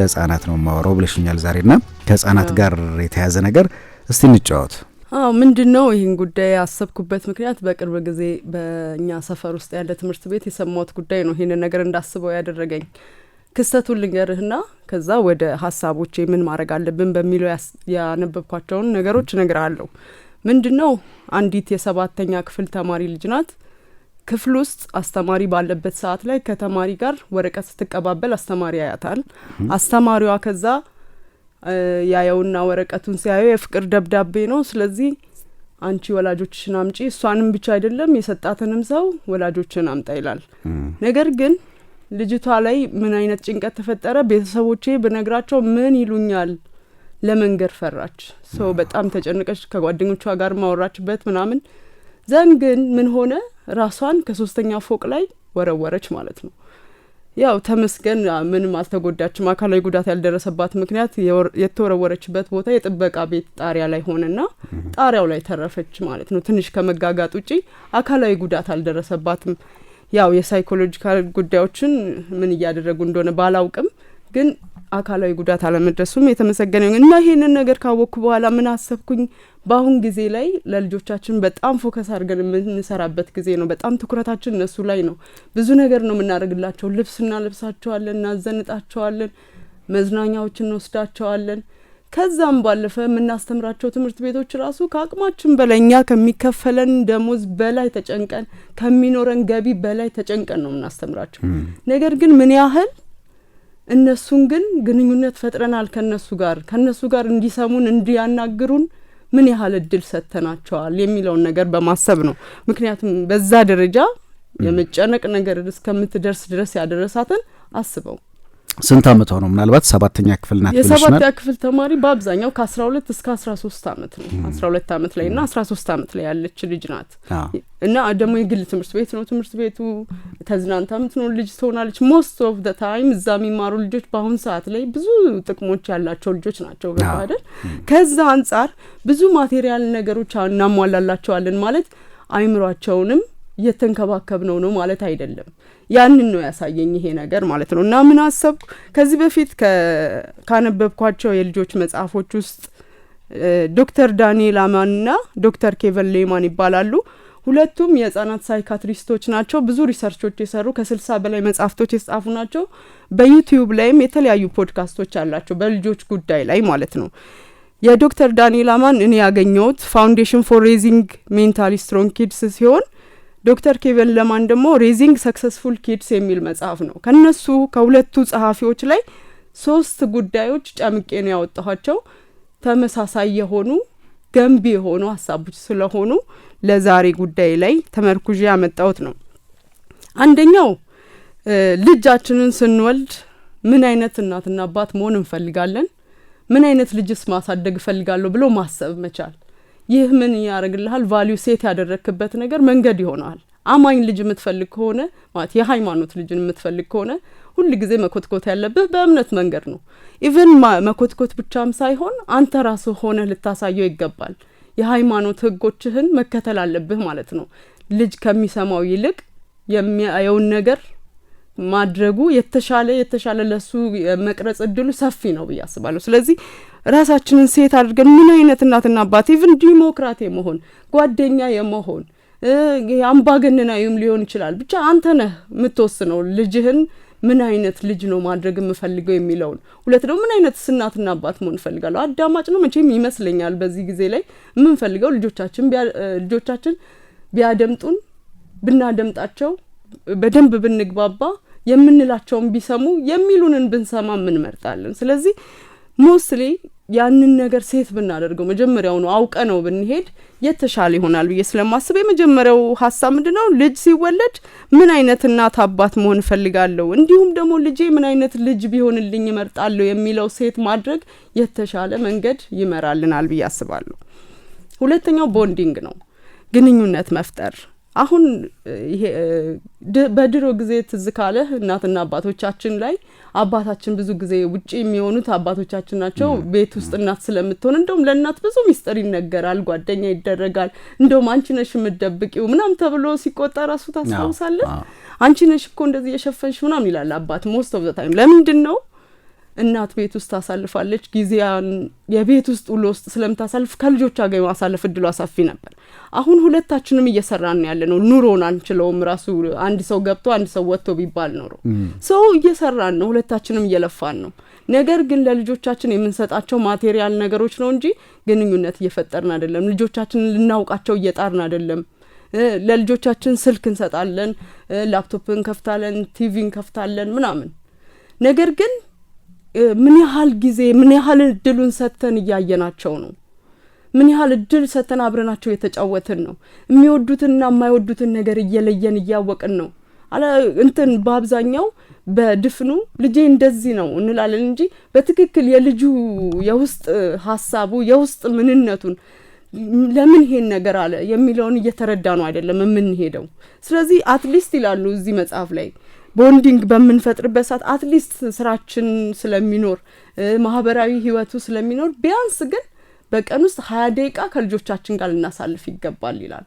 ስለ ህጻናት ነው የማወራው ብለሽኛል ዛሬ ና ከህጻናት ጋር የተያዘ ነገር እስቲ እንጫወት። አዎ ምንድን ነው ይህን ጉዳይ ያሰብኩበት ምክንያት በቅርብ ጊዜ በእኛ ሰፈር ውስጥ ያለ ትምህርት ቤት የሰማሁት ጉዳይ ነው ይህንን ነገር እንዳስበው ያደረገኝ። ክስተቱን ልንገርህና ከዛ ወደ ሀሳቦቼ ምን ማድረግ አለብን በሚለው ያነበብኳቸውን ነገሮች እነግርሃለሁ። ምንድን ነው አንዲት የሰባተኛ ክፍል ተማሪ ልጅ ናት። ክፍል ውስጥ አስተማሪ ባለበት ሰዓት ላይ ከተማሪ ጋር ወረቀት ስትቀባበል አስተማሪ ያያታል። አስተማሪዋ ከዛ ያየውና ወረቀቱን ሲያየው የፍቅር ደብዳቤ ነው። ስለዚህ አንቺ ወላጆችሽን አምጪ፣ እሷንም ብቻ አይደለም የሰጣትንም ሰው ወላጆችን አምጣ ይላል። ነገር ግን ልጅቷ ላይ ምን አይነት ጭንቀት ተፈጠረ? ቤተሰቦቼ ብነግራቸው ምን ይሉኛል? ለመንገር ፈራች። ሰው በጣም ተጨንቀች። ከጓደኞቿ ጋር ማወራችበት ምናምን ዘን ግን ምን ሆነ? ራሷን ከሶስተኛ ፎቅ ላይ ወረወረች ማለት ነው። ያው ተመስገን ምንም አልተጎዳችም። አካላዊ ጉዳት ያልደረሰባት ምክንያት የተወረወረችበት ቦታ የጥበቃ ቤት ጣሪያ ላይ ሆነና ጣሪያው ላይ ተረፈች ማለት ነው። ትንሽ ከመጋጋጥ ውጪ አካላዊ ጉዳት አልደረሰባትም። ያው የሳይኮሎጂካል ጉዳዮችን ምን እያደረጉ እንደሆነ ባላውቅም ግን አካላዊ ጉዳት አለመድረሱም የተመሰገነ። እና ይሄንን ነገር ካወቅኩ በኋላ ምን አሰብኩኝ? በአሁን ጊዜ ላይ ለልጆቻችን በጣም ፎከስ አድርገን የምንሰራበት ጊዜ ነው። በጣም ትኩረታችን እነሱ ላይ ነው። ብዙ ነገር ነው የምናደርግላቸው። ልብስ እናለብሳቸዋለን፣ እናዘንጣቸዋለን፣ መዝናኛዎች እንወስዳቸዋለን። ከዛም ባለፈ የምናስተምራቸው ትምህርት ቤቶች ራሱ ከአቅማችን በላይ እኛ ከሚከፈለን ደሞዝ በላይ ተጨንቀን ከሚኖረን ገቢ በላይ ተጨንቀን ነው የምናስተምራቸው። ነገር ግን ምን ያህል እነሱን ግን ግንኙነት ፈጥረናል ከነሱ ጋር ከነሱ ጋር እንዲሰሙን እንዲያናግሩን ምን ያህል እድል ሰጥተናቸዋል የሚለውን ነገር በማሰብ ነው። ምክንያቱም በዛ ደረጃ የመጨነቅ ነገር እስከምትደርስ ድረስ ያደረሳትን አስበው ስንት አመት ሆነው? ምናልባት ሰባተኛ ክፍል ናት። የሰባተኛ ክፍል ተማሪ በአብዛኛው ከአስራ ሁለት እስከ አስራ ሶስት አመት ነው። አስራ ሁለት አመት ላይ እና አስራ ሶስት አመት ላይ ያለች ልጅ ናት እና ደግሞ የግል ትምህርት ቤት ነው ትምህርት ቤቱ። ተዝናንታ የምትኖር ልጅ ትሆናለች። ሞስት ኦፍ ደ ታይም እዛ የሚማሩ ልጆች በአሁን ሰዓት ላይ ብዙ ጥቅሞች ያላቸው ልጆች ናቸው። ገባ ከዛ አንጻር ብዙ ማቴሪያል ነገሮች እናሟላላቸዋለን ማለት አይምሯቸውንም እየተንከባከብ ነው ነው ማለት አይደለም። ያንን ነው ያሳየኝ ይሄ ነገር ማለት ነው። እና ምን አሰብኩ ከዚህ በፊት ካነበብኳቸው የልጆች መጽሐፎች ውስጥ ዶክተር ዳንኤል አማንና ዶክተር ኬቨን ሌማን ይባላሉ። ሁለቱም የህጻናት ሳይካትሪስቶች ናቸው። ብዙ ሪሰርቾች የሰሩ ከስልሳ በላይ መጽሐፍቶች የጻፉ ናቸው። በዩቲዩብ ላይም የተለያዩ ፖድካስቶች አላቸው በልጆች ጉዳይ ላይ ማለት ነው። የዶክተር ዳንኤል አማን እኔ ያገኘሁት ፋውንዴሽን ፎር ሬዚንግ ሜንታሊ ስትሮንግ ኪድስ ሲሆን ዶክተር ኬቨን ለማን ደግሞ ሬዚንግ ሰክሰስፉል ኪድስ የሚል መጽሐፍ ነው። ከነሱ ከሁለቱ ጸሐፊዎች ላይ ሶስት ጉዳዮች ጨምቄ ነው ያወጣኋቸው ተመሳሳይ የሆኑ ገንቢ የሆኑ ሀሳቦች ስለሆኑ ለዛሬ ጉዳይ ላይ ተመርኩዤ ያመጣሁት ነው። አንደኛው ልጃችንን ስንወልድ ምን አይነት እናትና አባት መሆን እንፈልጋለን፣ ምን አይነት ልጅስ ማሳደግ እፈልጋለሁ ብሎ ማሰብ መቻል ይህ ምን ያደርግልሃል? ቫሊዩ ሴት ያደረክበት ነገር መንገድ ይሆነዋል። አማኝ ልጅ የምትፈልግ ከሆነ ማለት የሃይማኖት ልጅን የምትፈልግ ከሆነ ሁል ጊዜ መኮትኮት ያለብህ በእምነት መንገድ ነው። ኢቨን መኮትኮት ብቻም ሳይሆን አንተ ራስህ ሆነህ ልታሳየው ይገባል። የሃይማኖት ህጎችህን መከተል አለብህ ማለት ነው። ልጅ ከሚሰማው ይልቅ የሚያየውን ነገር ማድረጉ የተሻለ የተሻለ ለሱ የመቅረጽ እድሉ ሰፊ ነው ብዬ አስባለሁ። ስለዚህ ራሳችንን ሴት አድርገን ምን አይነት እናትና አባት ኢቭን ዲሞክራት የመሆን ጓደኛ የመሆን አምባገነናዊም ሊሆን ይችላል። ብቻ አንተ ነህ የምትወስነው ልጅህን ምን አይነት ልጅ ነው ማድረግ የምፈልገው የሚለውን። ሁለት ደግሞ ምን አይነት እናትና አባት መሆን እፈልጋለሁ። አዳማጭ ነው መቼም ይመስለኛል በዚህ ጊዜ ላይ የምንፈልገው ልጆቻችን ልጆቻችን ቢያደምጡን ብናደምጣቸው በደንብ ብንግባባ የምንላቸውን ቢሰሙ የሚሉንን ብንሰማ እንመርጣለን። ስለዚህ ሞስሊ ያንን ነገር ሴት ብናደርገው መጀመሪያው ነው አውቀ ነው ብንሄድ የተሻለ ይሆናል ብዬ ስለማስብ የመጀመሪያው ሀሳብ ምንድ ነው ልጅ ሲወለድ ምን አይነት እናት አባት መሆን እፈልጋለሁ፣ እንዲሁም ደግሞ ልጄ ምን አይነት ልጅ ቢሆንልኝ ይመርጣለሁ የሚለው ሴት ማድረግ የተሻለ መንገድ ይመራልናል ብዬ አስባለሁ። ሁለተኛው ቦንዲንግ ነው፣ ግንኙነት መፍጠር አሁን ይሄ በድሮ ጊዜ ትዝ ካለህ እናትና አባቶቻችን ላይ አባታችን ብዙ ጊዜ ውጭ የሚሆኑት አባቶቻችን ናቸው። ቤት ውስጥ እናት ስለምትሆን እንደውም ለእናት ብዙ ሚስጥር ይነገራል፣ ጓደኛ ይደረጋል። እንደውም አንቺ ነሽ የምትደብቂው ምናም ተብሎ ሲቆጣ ራሱ ታስታውሳለህ። አንቺ ነሽ እኮ እንደዚህ የሸፈንሽ ምናምን ይላል አባት ሞስት ኦፍ ዘ ታይም። ለምንድን ነው እናት ቤት ውስጥ ታሳልፋለች። ጊዜያን የቤት ውስጥ ውሎ ውስጥ ስለምታሳልፍ ከልጆቿ ጋር ማሳለፍ እድሏ ሰፊ ነበር። አሁን ሁለታችንም እየሰራን ያለ ነው። ኑሮን አንችለውም። ራሱ አንድ ሰው ገብቶ አንድ ሰው ወጥቶ ቢባል ኖሮ ሰው እየሰራን ነው። ሁለታችንም እየለፋን ነው። ነገር ግን ለልጆቻችን የምንሰጣቸው ማቴሪያል ነገሮች ነው እንጂ ግንኙነት እየፈጠርን አይደለም። ልጆቻችን ልናውቃቸው እየጣርን አይደለም። ለልጆቻችን ስልክ እንሰጣለን፣ ላፕቶፕ እንከፍታለን፣ ቲቪ እንከፍታለን ምናምን ነገር ግን ምን ያህል ጊዜ ምን ያህል እድሉን ሰጥተን እያየናቸው ነው? ምን ያህል እድል ሰጥተን አብረናቸው የተጫወትን ነው? የሚወዱትንና የማይወዱትን ነገር እየለየን እያወቅን ነው። እንትን በአብዛኛው በድፍኑ ልጄ እንደዚህ ነው እንላለን እንጂ በትክክል የልጁ የውስጥ ሀሳቡ የውስጥ ምንነቱን ለምን ይሄን ነገር አለ የሚለውን እየተረዳ ነው አይደለም የምንሄደው። ስለዚህ አትሊስት ይላሉ እዚህ መጽሐፍ ላይ ቦንዲንግ በምንፈጥርበት ሰዓት አትሊስት ስራችን ስለሚኖር ማህበራዊ ህይወቱ ስለሚኖር ቢያንስ ግን በቀን ውስጥ ሀያ ደቂቃ ከልጆቻችን ጋር ልናሳልፍ ይገባል ይላል።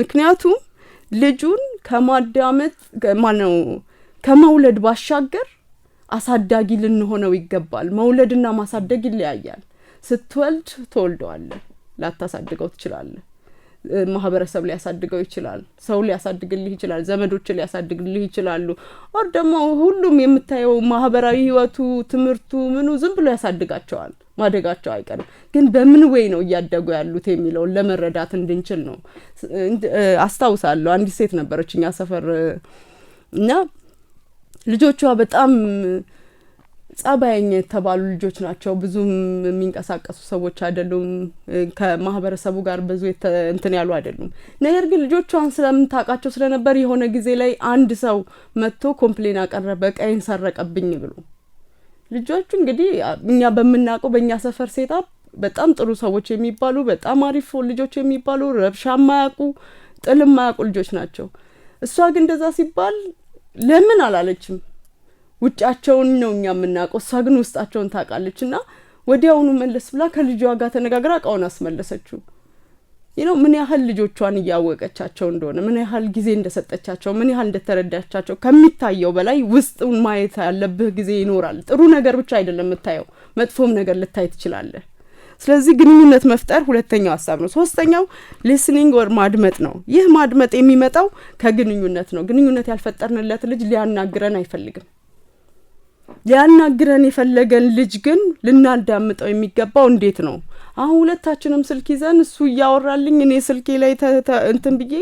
ምክንያቱም ልጁን ከማዳመጥ ማነው ከመውለድ ባሻገር አሳዳጊ ልንሆነው ይገባል። መውለድና ማሳደግ ይለያያል። ስትወልድ ትወልደዋለህ፣ ላታሳድገው ትችላለህ። ማህበረሰብ ሊያሳድገው ይችላል። ሰው ሊያሳድግልህ ይችላል። ዘመዶች ሊያሳድግልህ ይችላሉ። ኦር ደግሞ ሁሉም የምታየው ማህበራዊ ህይወቱ፣ ትምህርቱ፣ ምኑ ዝም ብሎ ያሳድጋቸዋል። ማደጋቸው አይቀርም። ግን በምን ወይ ነው እያደጉ ያሉት የሚለውን ለመረዳት እንድንችል ነው። አስታውሳለሁ አንዲት ሴት ነበረች እኛ ሰፈር እና ልጆቿ በጣም ጸባየኛ የተባሉ ልጆች ናቸው። ብዙም የሚንቀሳቀሱ ሰዎች አይደሉም። ከማህበረሰቡ ጋር ብዙ እንትን ያሉ አይደሉም። ነገር ግን ልጆቿን ስለምታውቃቸው ስለነበር የሆነ ጊዜ ላይ አንድ ሰው መጥቶ ኮምፕሌን አቀረበ ቀይን ሰረቀብኝ ብሎ ልጆቹ እንግዲህ እኛ በምናውቀው በእኛ ሰፈር ሴጣ በጣም ጥሩ ሰዎች የሚባሉ በጣም አሪፍ ልጆች የሚባሉ ረብሻ ማያውቁ ጥል ማያውቁ ልጆች ናቸው። እሷ ግን እንደዛ ሲባል ለምን አላለችም ውጫቸውን ነው እኛ የምናውቀው፣ እሷ ግን ውስጣቸውን ታውቃለች። እና ወዲያውኑ መለስ ብላ ከልጇ ጋር ተነጋግራ እቃውን አስመለሰችው። ይነው ምን ያህል ልጆቿን እያወቀቻቸው እንደሆነ ምን ያህል ጊዜ እንደሰጠቻቸው ምን ያህል እንደተረዳቻቸው ከሚታየው በላይ ውስጡን ማየት ያለብህ ጊዜ ይኖራል። ጥሩ ነገር ብቻ አይደለም የምታየው፣ መጥፎም ነገር ልታይ ትችላለህ። ስለዚህ ግንኙነት መፍጠር ሁለተኛው ሀሳብ ነው። ሶስተኛው ሊስኒንግ ወር ማድመጥ ነው። ይህ ማድመጥ የሚመጣው ከግንኙነት ነው። ግንኙነት ያልፈጠርንለት ልጅ ሊያናግረን አይፈልግም። ሊያናግረን የፈለገን ልጅ ግን ልናዳምጠው የሚገባው እንዴት ነው? አሁን ሁለታችንም ስልክ ይዘን እሱ እያወራልኝ እኔ ስልኬ ላይ እንትን ብዬ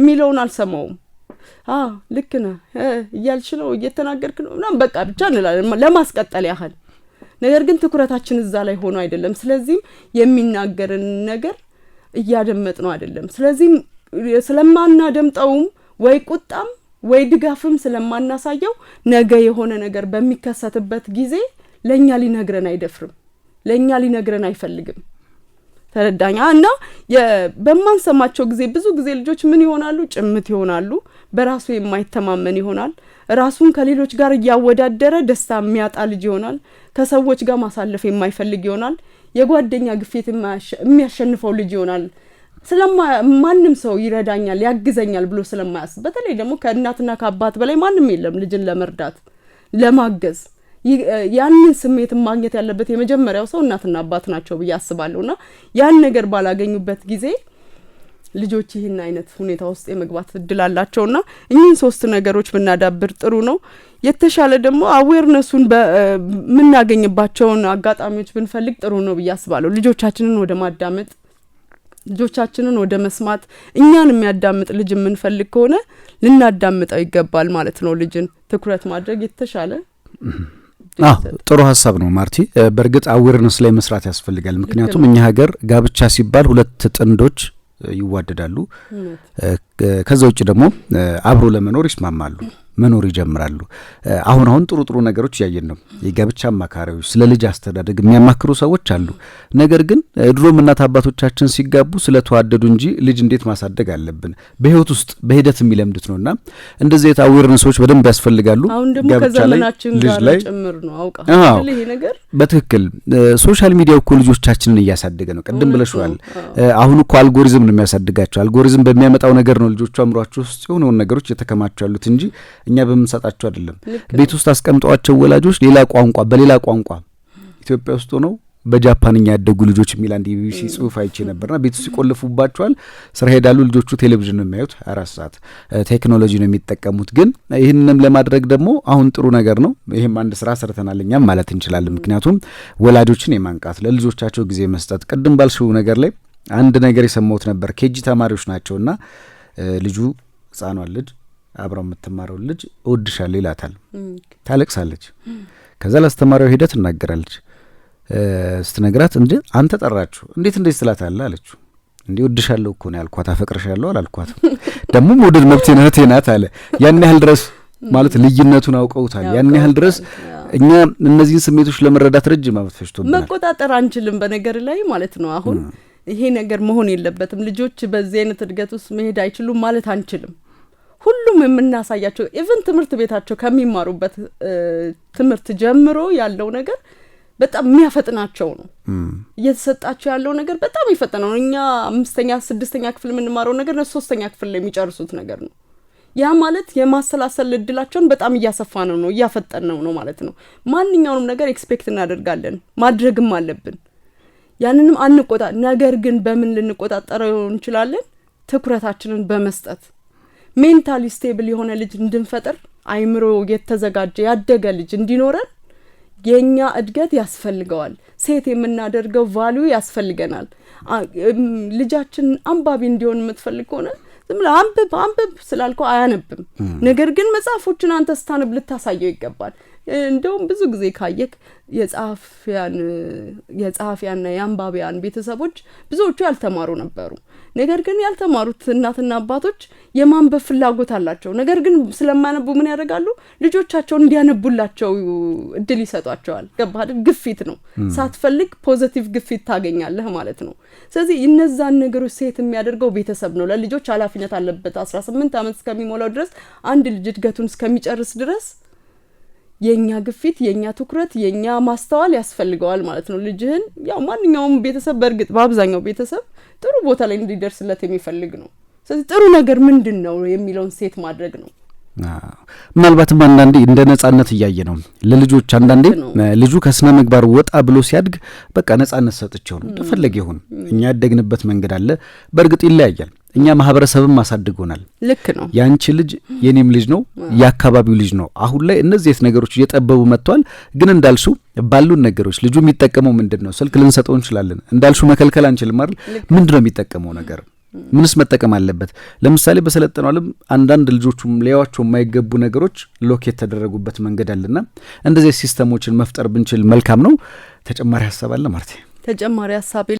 የሚለውን አልሰማውም። ልክ ነህ እያልሽ ነው እየተናገርክ ነው ምናምን በቃ ብቻ እንላለን ለማስቀጠል ያህል። ነገር ግን ትኩረታችን እዛ ላይ ሆኖ አይደለም። ስለዚህም የሚናገርን ነገር እያደመጥ ነው አይደለም። ስለዚህም ስለማናደምጠውም ወይ ቁጣም ወይ ድጋፍም ስለማናሳየው ነገ የሆነ ነገር በሚከሰትበት ጊዜ ለእኛ ሊነግረን አይደፍርም፣ ለእኛ ሊነግረን አይፈልግም። ተረዳኛ እና በማንሰማቸው ጊዜ ብዙ ጊዜ ልጆች ምን ይሆናሉ? ጭምት ይሆናሉ። በራሱ የማይተማመን ይሆናል። ራሱን ከሌሎች ጋር እያወዳደረ ደስታ የሚያጣ ልጅ ይሆናል። ከሰዎች ጋር ማሳለፍ የማይፈልግ ይሆናል። የጓደኛ ግፊት የሚያሸንፈው ልጅ ይሆናል። ማንም ሰው ይረዳኛል ያግዘኛል ብሎ ስለማያስብ በተለይ ደግሞ ከእናትና ከአባት በላይ ማንም የለም ልጅን ለመርዳት ለማገዝ ያንን ስሜት ማግኘት ያለበት የመጀመሪያው ሰው እናትና አባት ናቸው ብዬ አስባለሁ እና ያን ነገር ባላገኙበት ጊዜ ልጆች ይህን አይነት ሁኔታ ውስጥ የመግባት እድል አላቸው እና እኚህን ሶስት ነገሮች ብናዳብር ጥሩ ነው። የተሻለ ደግሞ አዌርነሱን በምናገኝባቸውን አጋጣሚዎች ብንፈልግ ጥሩ ነው ብዬ አስባለሁ። ልጆቻችንን ወደ ማዳመጥ ልጆቻችንን ወደ መስማት እኛን የሚያዳምጥ ልጅ የምንፈልግ ከሆነ ልናዳምጠው ይገባል ማለት ነው። ልጅን ትኩረት ማድረግ የተሻለ ጥሩ ሀሳብ ነው ማርቲ። በእርግጥ አዌርነስ ላይ መስራት ያስፈልጋል። ምክንያቱም እኛ ሀገር ጋብቻ ሲባል ሁለት ጥንዶች ይዋደዳሉ፣ ከዛ ውጭ ደግሞ አብሮ ለመኖር ይስማማሉ። መኖር ይጀምራሉ። አሁን አሁን ጥሩ ጥሩ ነገሮች እያየን ነው። የጋብቻ አማካሪዎች፣ ስለ ልጅ አስተዳደግ የሚያማክሩ ሰዎች አሉ። ነገር ግን ድሮም እናት አባቶቻችን ሲጋቡ ስለተዋደዱ እንጂ ልጅ እንዴት ማሳደግ አለብን በህይወት ውስጥ በሂደት የሚለምዱት ነው እና እንደዚህ አይነት አዌርነሶች በደንብ ያስፈልጋሉ። ልጅ ላይ በትክክል ሶሻል ሚዲያ እኮ ልጆቻችንን እያሳደገ ነው። ቅድም ብለሽዋል። አሁን እኮ አልጎሪዝም ነው የሚያሳድጋቸው። አልጎሪዝም በሚያመጣው ነገር ነው ልጆቹ አእምሯቸው ውስጥ የሆነውን ነገሮች እየተከማቹ ያሉት እንጂ እኛ በምንሰጣቸው አይደለም። ቤት ውስጥ አስቀምጠዋቸው ወላጆች ሌላ ቋንቋ በሌላ ቋንቋ ኢትዮጵያ ውስጥ ሆነው በጃፓንኛ ያደጉ ልጆች የሚል አንድ የቢቢሲ ጽሁፍ አይቼ ነበርና ቤት ውስጥ ይቆልፉባቸዋል። ስራ ሄዳሉ። ልጆቹ ቴሌቪዥን ነው የሚያዩት፣ አራት ሰዓት ቴክኖሎጂ ነው የሚጠቀሙት። ግን ይህንንም ለማድረግ ደግሞ አሁን ጥሩ ነገር ነው። ይህም አንድ ስራ ሰርተናል እኛም ማለት እንችላለን። ምክንያቱም ወላጆችን የማንቃት ለልጆቻቸው ጊዜ መስጠት። ቅድም ባልሽው ነገር ላይ አንድ ነገር የሰማሁት ነበር። ኬጂ ተማሪዎች ናቸውና ልጁ ህጻኗን ልጅ አብረው የምትማረው ልጅ እወድሻለሁ ይላታል። ታለቅሳለች። ከዛ ላስተማሪው ሄዳ ትናገራለች። ስትነግራት እንደ አንተ ጠራችሁ እንዴት እንዴት ትላታለህ አለችው። እንዲህ እወድሻለሁ እኮ ነው ያልኳት፣ አፈቅርሻለሁ አላልኳትም። ደግሞ መውደድ መብቴ እህቴ ናት አለ። ያን ያህል ድረስ ማለት ልዩነቱን አውቀውታል። ያን ያህል ድረስ እኛ እነዚህን ስሜቶች ለመረዳት ረጅም ዓመት ፈጅቶብናል። መቆጣጠር አንችልም በነገር ላይ ማለት ነው። አሁን ይሄ ነገር መሆን የለበትም ልጆች በዚህ አይነት እድገት ውስጥ መሄድ አይችሉም ማለት አንችልም። ሁሉም የምናሳያቸው ኢቨን ትምህርት ቤታቸው ከሚማሩበት ትምህርት ጀምሮ ያለው ነገር በጣም የሚያፈጥናቸው ነው እየተሰጣቸው ያለው ነገር በጣም ይፈጥነው እኛ አምስተኛ ስድስተኛ ክፍል የምንማረው ነገር ነ ሶስተኛ ክፍል ላይ የሚጨርሱት ነገር ነው። ያ ማለት የማሰላሰል እድላቸውን በጣም እያሰፋ ነው ነው እያፈጠን ነው ነው ማለት ነው። ማንኛውንም ነገር ኤክስፔክት እናደርጋለን ማድረግም አለብን። ያንንም አንቆጣ ነገር ግን በምን ልንቆጣጠረው እንችላለን? ትኩረታችንን በመስጠት ሜንታሊ ስቴብል የሆነ ልጅ እንድንፈጥር አይምሮ የተዘጋጀ ያደገ ልጅ እንዲኖረን የእኛ እድገት ያስፈልገዋል። ሴት የምናደርገው ቫሊዩ ያስፈልገናል። ልጃችን አንባቢ እንዲሆን የምትፈልግ ከሆነ ዝም ብለህ አንብብ አንብብ ስላልከው አያነብም። ነገር ግን መጽሐፎችን አንተ ስታነብ ልታሳየው ይገባል። እንደውም ብዙ ጊዜ ካየክ የጸሐፊያን የጸሐፊያንና የአንባቢያን ቤተሰቦች ብዙዎቹ ያልተማሩ ነበሩ። ነገር ግን ያልተማሩት እናትና አባቶች የማንበብ ፍላጎት አላቸው። ነገር ግን ስለማያነቡ ምን ያደርጋሉ? ልጆቻቸውን እንዲያነቡላቸው እድል ይሰጧቸዋል። ገባህ ግፊት ነው። ሳትፈልግ ፖዘቲቭ ግፊት ታገኛለህ ማለት ነው። ስለዚህ እነዛን ነገሮች ሴት የሚያደርገው ቤተሰብ ነው። ለልጆች ኃላፊነት አለበት። አስራ ስምንት አመት እስከሚሞላው ድረስ አንድ ልጅ እድገቱን እስከሚጨርስ ድረስ የእኛ ግፊት የእኛ ትኩረት የእኛ ማስተዋል ያስፈልገዋል ማለት ነው። ልጅህን ያው ማንኛውም ቤተሰብ በእርግጥ በአብዛኛው ቤተሰብ ጥሩ ቦታ ላይ እንዲደርስለት የሚፈልግ ነው። ስለዚህ ጥሩ ነገር ምንድን ነው የሚለውን ሴት ማድረግ ነው። ምናልባትም አንዳንዴ እንደ ነጻነት እያየ ነው ለልጆች አንዳንዴ ልጁ ከስነ ምግባር ወጣ ብሎ ሲያድግ በቃ ነጻነት ሰጥቼው ነው ተፈለገ ይሁን እኛ ያደግንበት መንገድ አለ። በእርግጥ ይለያያል። እኛ ማህበረሰብም አሳድጎናል። ልክ ነው። ያንቺ ልጅ የኔም ልጅ ነው፣ የአካባቢው ልጅ ነው። አሁን ላይ እነዚህ የት ነገሮች እየጠበቡ መጥቷል። ግን እንዳልሱ ባሉን ነገሮች ልጁ የሚጠቀመው ምንድን ነው? ስልክ ልንሰጠው እንችላለን። እንዳልሱ መከልከል አንችልም አይደል? ምንድን ነው የሚጠቀመው ነገር? ምንስ መጠቀም አለበት? ለምሳሌ በሰለጠነው ዓለም አንዳንድ ልጆቹም ሊያዋቸው የማይገቡ ነገሮች ሎኬት ተደረጉበት መንገድ አለና እንደዚህ ሲስተሞችን መፍጠር ብንችል መልካም ነው። ተጨማሪ ሀሳብ አለ ማለት? ተጨማሪ ሀሳብ